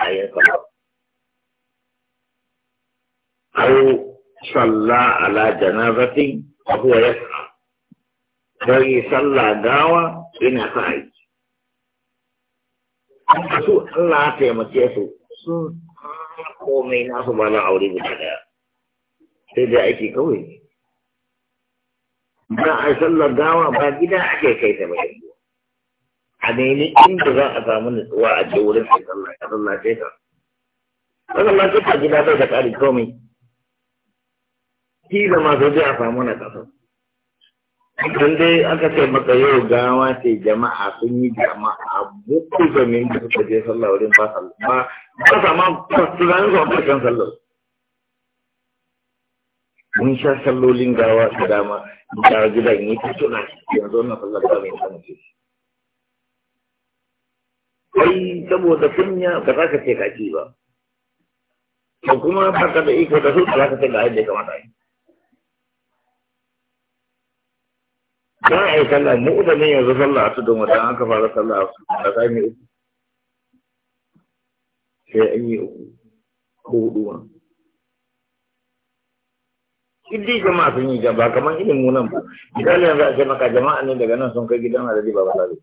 bayan sa ba أو صلى على جنازة وهو يسعى فهي صلى داوى إن خارج su Allah taimake su su komai nasu ba na aure guda daya sai da ake kawai ba a sallar gawa ba gida ake kai ta bai a nemi inda za a samu nutsuwa a ce wurin sai Allah ya sallace ka sallace ka gida bai da ƙari komai Ki ma masu dai a samu na ƙasa Idan dai aka ce maka yau gawa ce jama'a sun yi jama'a buku min da suka je sallah wurin ba ba ba sa ma tunanin su a kan sallar mun sha sallolin gawa su dama Gawa gidan yi ta tuna yanzu wannan sallar ba mai tsanci kai saboda kunya ba za ka ce kaki ba ba kuma ba ka da iko da su ba za ka ce ga yadda ya kamata yi za a yi sallah mu uba ne yanzu sallah a tudun wata an ka fara sallah a su da za mu uku sai an yi uku ko hudu ma Idi jama'a sun yi jama'a kamar ilimin nan ba. Misali yanzu a ce maka jama'a ne daga nan sun kai gidan adadi ba ba lalata.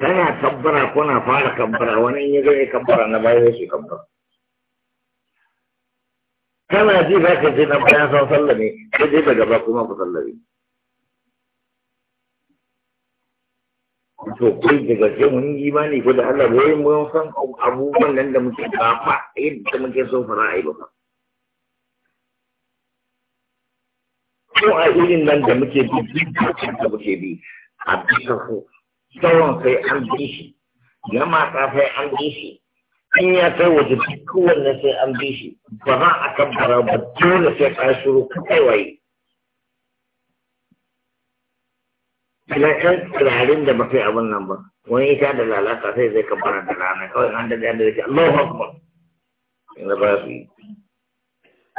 kana kabbara ko na fara kabbara wani ya zai kabbara na baya shi kabbara kana ji za ka je na bayan san sallah ne ka je daga ba kuma ku sallame to kai daga ce mun yi imani ko da Allah wai mun san abubuwan nan da muke ba fa yadda muke so fara ai ba ko a irin nan da muke bi da muke bi a bisa tsawon sai an bi shi gama ta sai an bi shi in ya kai waje duk kowanne sai an bi shi ba za a kabbara ba dole sai ka shuru kai waye Ina kan tsirarin da ba kai abin nan ba wani ita da lalata sai zai kabbara da lana kawai an da da yadda yake Allahu Akbar in ba su yi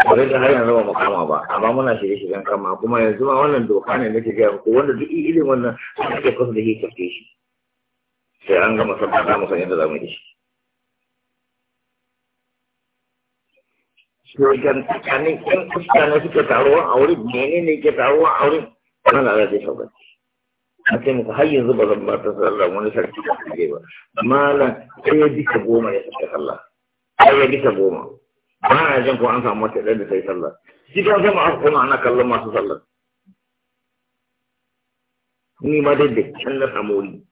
kawai da har yanzu makama ba amma muna shirye shiryen kama kuma yanzu ma wannan doka ne nake gaya muku wanda duk irin wannan ana ke kusa da ke tafi shi sai an gama sabba da mu san yadda za mu yi shi Shirgan tsakanin ƴan kuska na suke taruwa a wurin mene ne ke taruwa a wurin ana da zai shaukaci. A ce muku har yanzu ba zan ba ta sallah wani sarki ba. Malam ɗaya bisa goma ya saka sallah. Ɗaya bisa goma. ba na jin ko an samu wata ɗaya da yi sallah shi ka gama aka kuma ana kallon masu sallah ni ma dai da can na samu wuri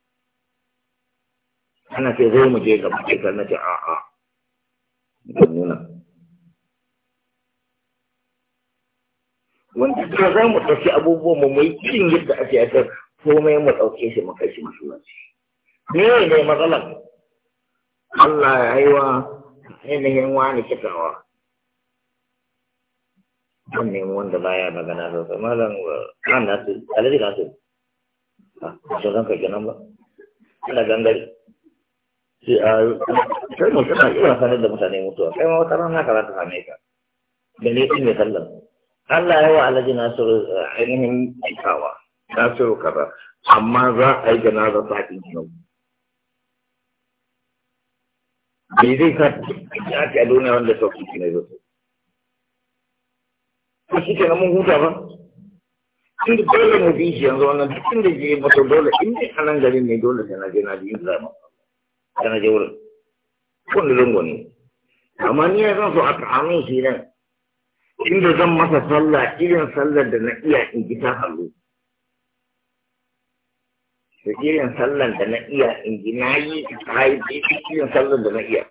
ana ce zai mu je gaba ta na ce a'a da nuna wanda ta za mu ɗauki abubuwan mu mai yi cin yadda ake yakar komai mu ɗauke shi mu kai shi masallaci me ne matsalar Allah ya haiwa ainihin wani cikawa an nemi wanda baya magana sosai malam an na su alaji na su a zan ka kenan ba ana gangare sai a kai mutum na iya sanar da mutane mutuwa kai ma wata ran ka za ta same ka da ne su ne sallan Allah ya wa alaji su eh, ainihin cikawa su kaza amma za a yi janaza sa'in yau me zai sa ya ake a duniya wanda sauki ne zo ko shi kenan mun huta ba tun da dole mu bi shi yanzu wannan duk inda je mata dole in dai a nan ne dole sai bi inda zama sai na je wurin wani lungu amma ni ya zan so a ta'amin shi nan inda zan masa sallah irin sallar da na iya in ji a hallu da irin sallan da na iya in ji na yi irin sallan da na iya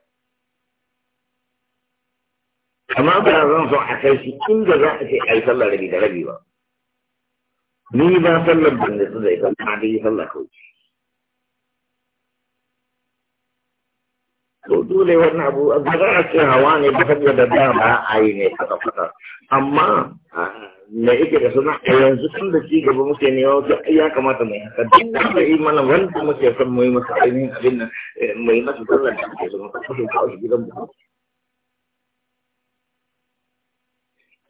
amma ba zan so a kai shi inda za a ce a yi sallar rabi da rabi ba ni ba sallar da da su da ita ma yi sallar kawai to dole wannan abu a za a ce hawa ne ba saboda dama a yi ne a fata amma me yake da suna a yanzu tun da ci gaba muke ne wato ya kamata mai haka duk da aka yi mana wanda muke son mu yi masa ainihin abin nan eh, mai masa sallar da muke so mu kashe kawo gidan mu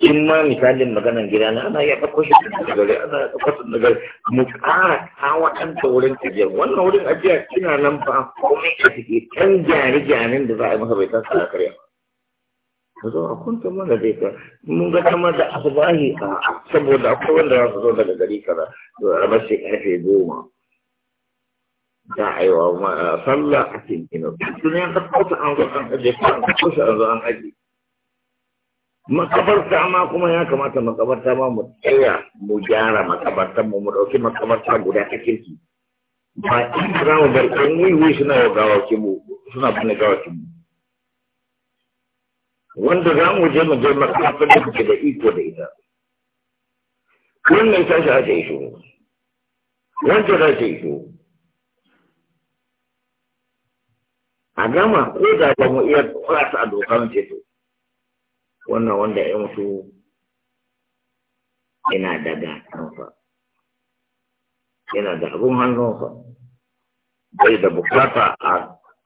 in ma misalin maganan gida na ana iya ɗauko shi da gari ana iya ɗauko shi da gari mu ƙara kawaɗanta wurin ajiyar wannan wurin ajiya ina nan ba komai a ciki can gyare-gyaren da za a yi masa bai san sa karya ba ku zo a kunta mana dai ka mun ga kamar da asbahi a saboda akwai wanda za su zo daga gari kaza da rabashi karfe goma da aiwa ma sallah a cikin duniya ta kauta an zo an aje an kusa an zo an aje makabarta ma kuma ya kamata makabarta ma mu tsaya mu gyara makabarta mu mu dauki makabarta guda ta kirki ba in za mu bar ɗan wuyi suna yau gawa kimu suna bane gawa kimu wanda za mu je mu je makarafin da kuke da iko da ita wannan tashi za ta yi wancan za ta yi a gama ko da ba mu iya kwasa a dokar ceto wannan wanda ya mutu yana daga gatansa yana da abin hannunsa bai da bukata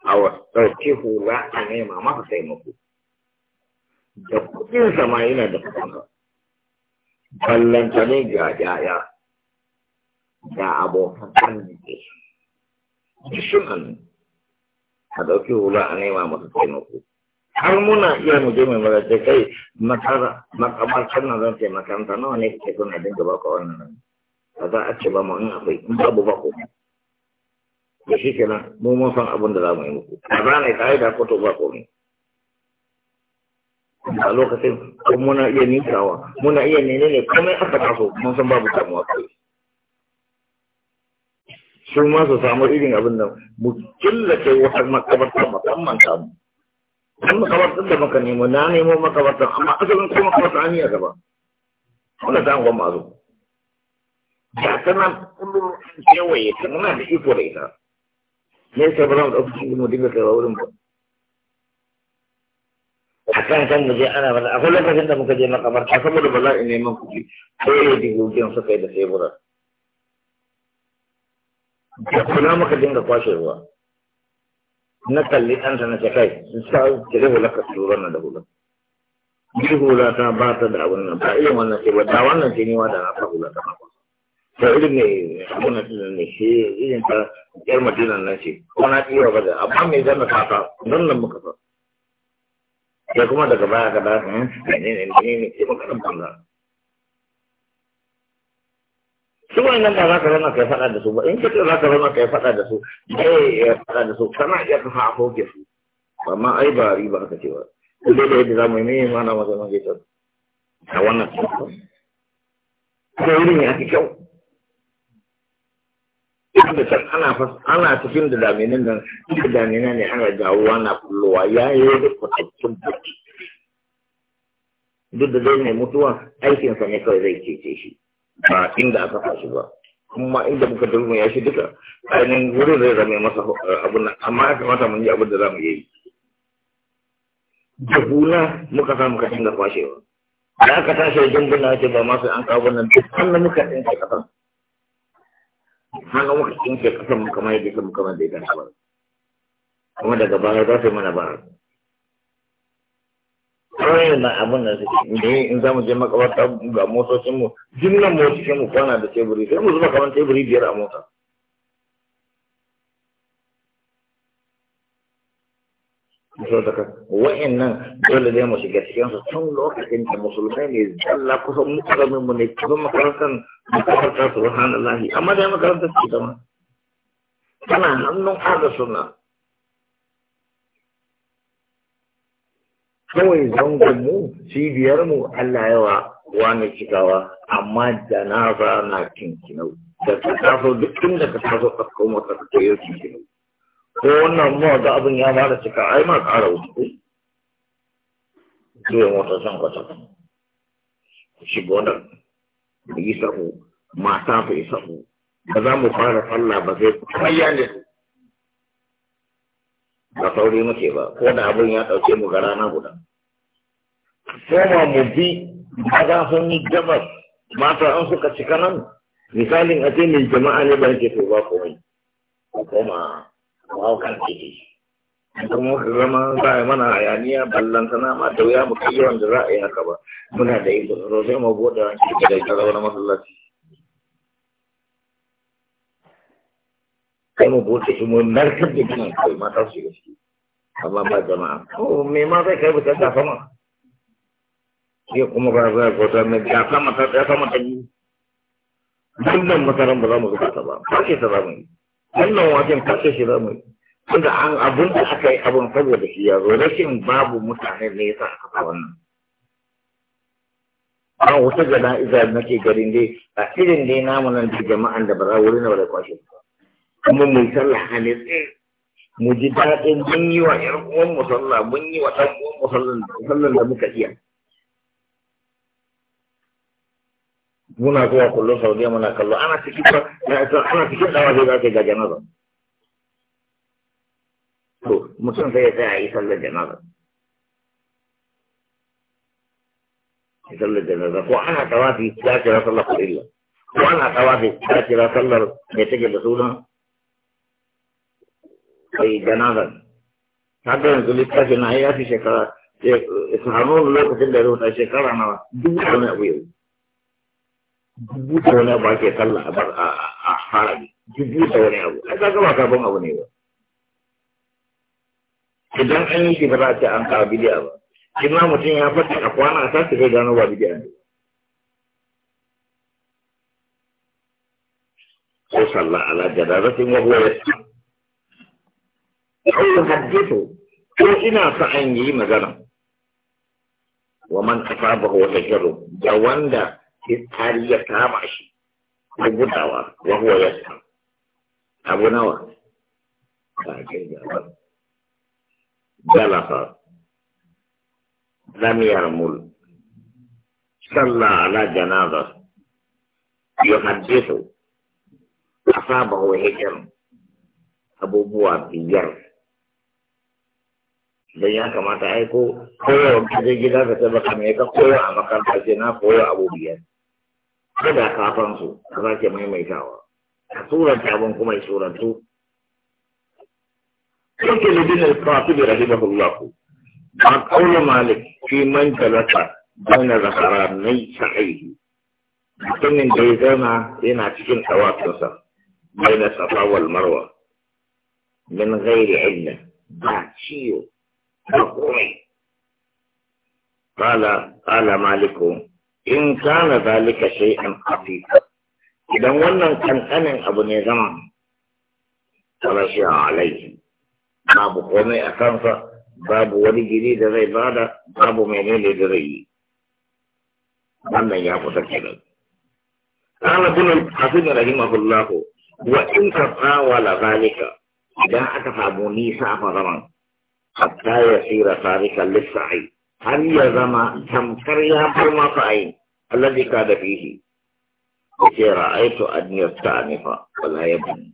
a wasu ɗauki hula a nema masa taimako da kuɗin sama yana da kuɗin ballanta ne ga yaya ga abokan arziki sun hannu a ɗauki hula a nema masu taimako har muna iya mu je mai mara kai makabartar na zan taimakanta nawa ne kake kuna gaba baka wannan nan ba za a ce ba mu in akwai in babu da shi san abin da za mu yi muku ba za ba komai a lokacin ko muna iya nisawa muna iya nene ne komai aka taso mun san babu samuwa kai su ma su samu irin abin nan mu killace wata makabarta musamman samu an makabartar da maka nemo na nemo makabarta amma asalin kuma makabartar an yi a gaba wanda ta hangon mazo ba ta nan kullum kewaye ta muna da iko da ita ne sai ba za mu ɗauki mu dinga kai wurin ba kan kan mu je ana mana akwai lokacin da muka je makabarta saboda ba za a neman kuɗi sai ya digogin suka yi da tebura da kuna muka dinga kwashe ruwa na kalli ɗansa na shakai sun sa kire hula ka tura na da hula ji hula ta ba ta da abin nan ba irin wannan ce ba da wannan ce ne wa da na fa hula ta ba to irin ne abin nan ne shi irin ta yar madinan nan ce ko na ɗiwa ba da amma me zama kafa don nan muka fa sai kuma daga baya ka da ne ne ne ne ke maganar banza su wannan da za ka zama kai faɗa da su ba in kace za ka zama kai faɗa da su dai ya faɗa da su kana iya ka fa hoke su amma ai ba riba ka ce ba dai da yadda mu yi ne mana magana ke ta wannan ko irin ya fi kyau da can ana ana cikin da daminin nan da damina ne ana gawuwa na kullowa ya yi da kwatattun baki duk da zai mai mutuwa aikinsa ne kawai zai cece shi ba inda aka fashi ba kuma inda muka turmi ya shi duka ainihin wurin zai zame masa eh, abun nan amma ya kamata mun yi abin da za mu yi da hula muka samu kashin da kwashewa da aka tashi da jambuna ce ba masu an kawo nan duk an muka ɗin ka haka muka ke kasan mu kamar yadda kasan mu kamar da ya gani ba kuma daga baya za su yi mana bara kawai na abin da suke ne in za mu je makabarta ga motocin mu jimlan motocin mu kwana da teburi sai mu zuba kamar teburi biyar a mota fito da kan dole ne mu shiga cikin su tun lokacin da musulmai ne zalla kusan mutalamin mu ne kuma makarantar makarantar subhanallahi amma da makarantar ce zama tana hannun ahlu sunna kawai zangon mu cibiyar mu Allah yawa wani cikawa amma janaza na kinkinau da ka taso duk inda ka taso ɗaukar mota ka yi kinkinau ko wannan mu ga abin ya mara cika ai ma ƙara wuce ko ya mota san kwata ku gona da ku yi sahu mata ku yi sahu ba za mu fara falla ba sai ku bayya ne ba sauri muke ba ko da abin ya ɗauke mu ga rana guda koma mu bi za su yi gabas mata an suka cika nan misalin a ce mai jama'a ne ba yake to ba komai koma wawakan ciki kuma ka zama za a mana hayaniya ballan sana ma da wuya mu kai yawan za a yi haka ba muna da iko tsaro sai mu bude wani da ita masallaci kai mu bude shi mu narkar da ginin kai mata su gaske amma ba jama'a ko me ma zai kai buta ta sama kuma ba za ta sama ta sama ta yi dukkan masaran ba za mu zuba ta ba ba ke ta za mu yi wannan wajen kashe shi zamu yi tunda an abun da aka yi abun saboda shi ya zo rashin babu mutane ne yasa aka sa wannan a wuce gana iza nake garin dai a irin dai namu nan da jama'an da ba za wuri na ba da kwashe kuma mu sallah hali tsaye mu ji daɗin mun yi wa ƴan uwan musalla mun yi ɗan uwan musallan da muka iya muna zuwa kullum saudiya muna kallo ana cikin ana cikin dawa zai za ga janaza to mutum sai ya tsaya yi sallar janaza yi sallar janaza ko ana tawafi ya kira sallar kulilla ko ana tawafi ya kira sallar mai take da suna kai janazan kaga yanzu littafi na ya fi shekara su hannu lokacin da ya rubuta shekara nawa duk wani abu yau dubu da wani abu ake sallah a harami dubu da wani abu a ka gama karbon abu ne ba idan an yi shi ba ce an kawo bidiya ba in mutum ya fata a kwana a sassa kai gano ba bidiya ne ko sallah ala jadaratin wa huwa yasma aw hadithu ko ina sa an yi magana wa man asabahu wa shajaru da wanda التالي يتابع شيء يبدأ وهو يسمع أبو نوى جلس لم يرمل صلى على جنازة يحدث أصابه هجر أبو بوا بير dan ya kamata aiko kowa wanda zai gida ka sai baka mai ka kowa a makaranta ce na kowa abu biyar kada ka fansu ka sake maimaitawa ka suranta abin kuma ya surantu ne libin al-fatib rahimahullah ba qawlu malik fi man jalasa bayna zakarani sahihi mutumin da ya zama yana cikin tawafinsa bayna safa wal marwa min ghairi illa ba ciwo ba komai قال قال مالك in kana zalika sai an afita idan wannan kankanin abu ne zama kala tarashiya alai, babu komai a kansa babu wani gini da zai bada babu menene da zai yi wannan ya kusa kenan. da kana bunan hasin rahimahullah wa in ka tsawala zalika idan aka samu nisa a zaman, hatta ya tsira tarikan lissa'i har ya zama tamkar ya bar masa ayin alladhi ka da fihi yace ra'aitu an yasta'nifa wala yabni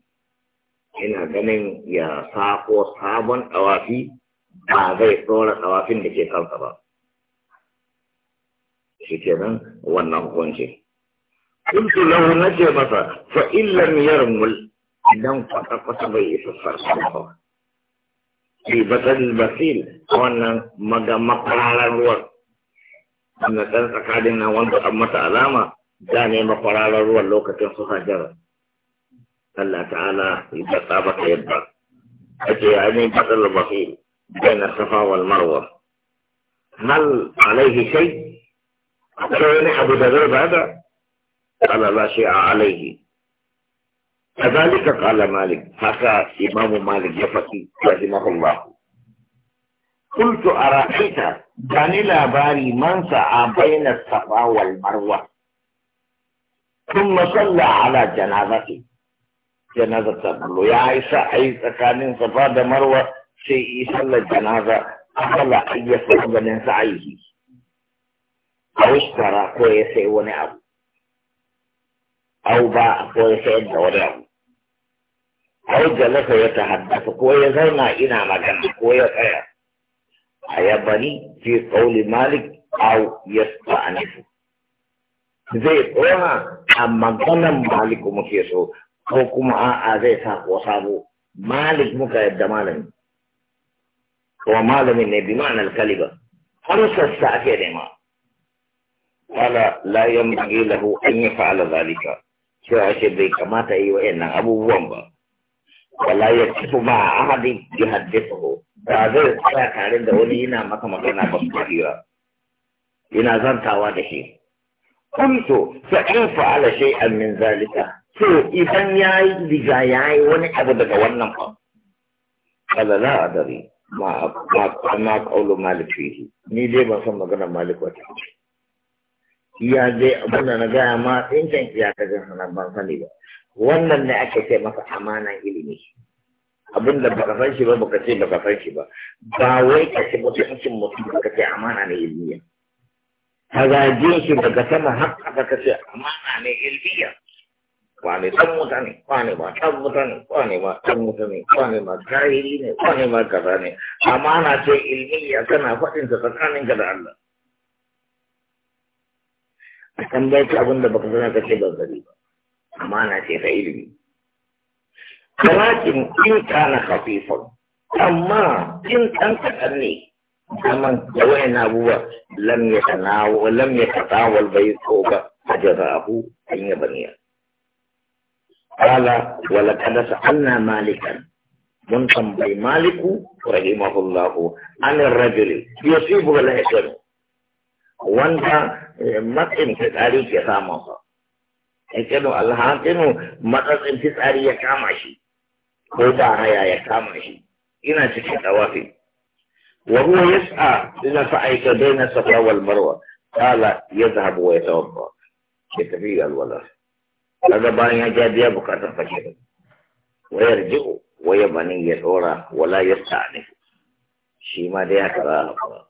ina ganin ya sako sabon tawafi ba zai tsora tawafin da ke kansa ba shi nan, wannan hukunci kuntu lahu nace masa fa illam yarmul idan kwata-kwata bai isa sarfa ba ibatan batil wannan maga makararar ruwan wannan ɗan tsakanin na wanda an mata alama da ne makararar ruwan lokacin su hajjara Allah ta'ala yi ba tsaba ta yadda ake yi ainihin batal batil bai na safa wal marwa mal alaihi abu da zai bada Allah ba a alaihi كذلك قال مالك حكى إمام مالك يفتي رحمه الله قلت أرأيت جاني لاباري من سعى بين الصفا والمروة ثم صلى على جنازته جنازة تقول يا عيسى عيسى كان صفا مروة شيء صلى جنازة أفلا أن يفعل من سعيه أو اشترى كويس ونعم أو باع كويس ونعم ai jalasa ya tahaddasa ko ya zauna ina magana ko ya tsaya a yabani fi kauli malik aw yasta'anifu zai tsora a maganan malik ke so ko kuma a'a zai sa ko sabo malik muka yadda malami kuma malamin ne bi ma'anar kaliba har sassa ake nema Wala la yanbaghi lahu an yaf'ala zalika cewa ake bai kamata yi wa'annan abubuwan ba wala ya ba ma ahadin yuhaddithu ba zai tsaya tare da wani yana maka magana ba su kira ina zantawa da shi kuntu fa in fa'ala shay'an min zalika to idan yayi diga yayi wani abu daga wannan fa kala la adari ma ma ma qawlu malik fihi ni dai ba san magana malik wata ya dai abin da na gaya ma tsinken iya ta jin sanar ban sani ba wannan ne ake ce masa amanan ilimi abin da baka san shi ba baka ce baka san shi ba ba wai ka ce mutuncin mutum baka ce amana ne ilmiya hazajin shi daga sama har ƙasa ka ce amana ne ilmiya san mutane, wuta ne wane ma mutane wuta ne wane ma mutane wuta ne ma jahili ne wane ma kaza ne amana ce ilmiya kana faɗin ta tsakanin ka da Allah a tambayar abin da baka san ka ce ba gari ba أمانة غير ولكن إن كان خفيفا أما إن كان تأني أما جوينا هو لم يتناول ولم يتطاول بيتوبة أجراه أن يبني قال ولقد سألنا مالكا منتم بي مالك رحمه الله عن الرجل يصيب الاسم وانت مكن في تاريخ ثامه ikinu alhaqinu matsatsin fitsari ya kama shi ko da haya ya kama shi ina cikin dawafi wa huwa yas'a ila fa'aika baina safa wal marwa qala yadhhab wa yatawaffa ya tafi alwala kaga bayan ya ja biya bukatun fashe. wa yarji'u wa yabani ya dora wala yasta'ni shi ma dai haka za a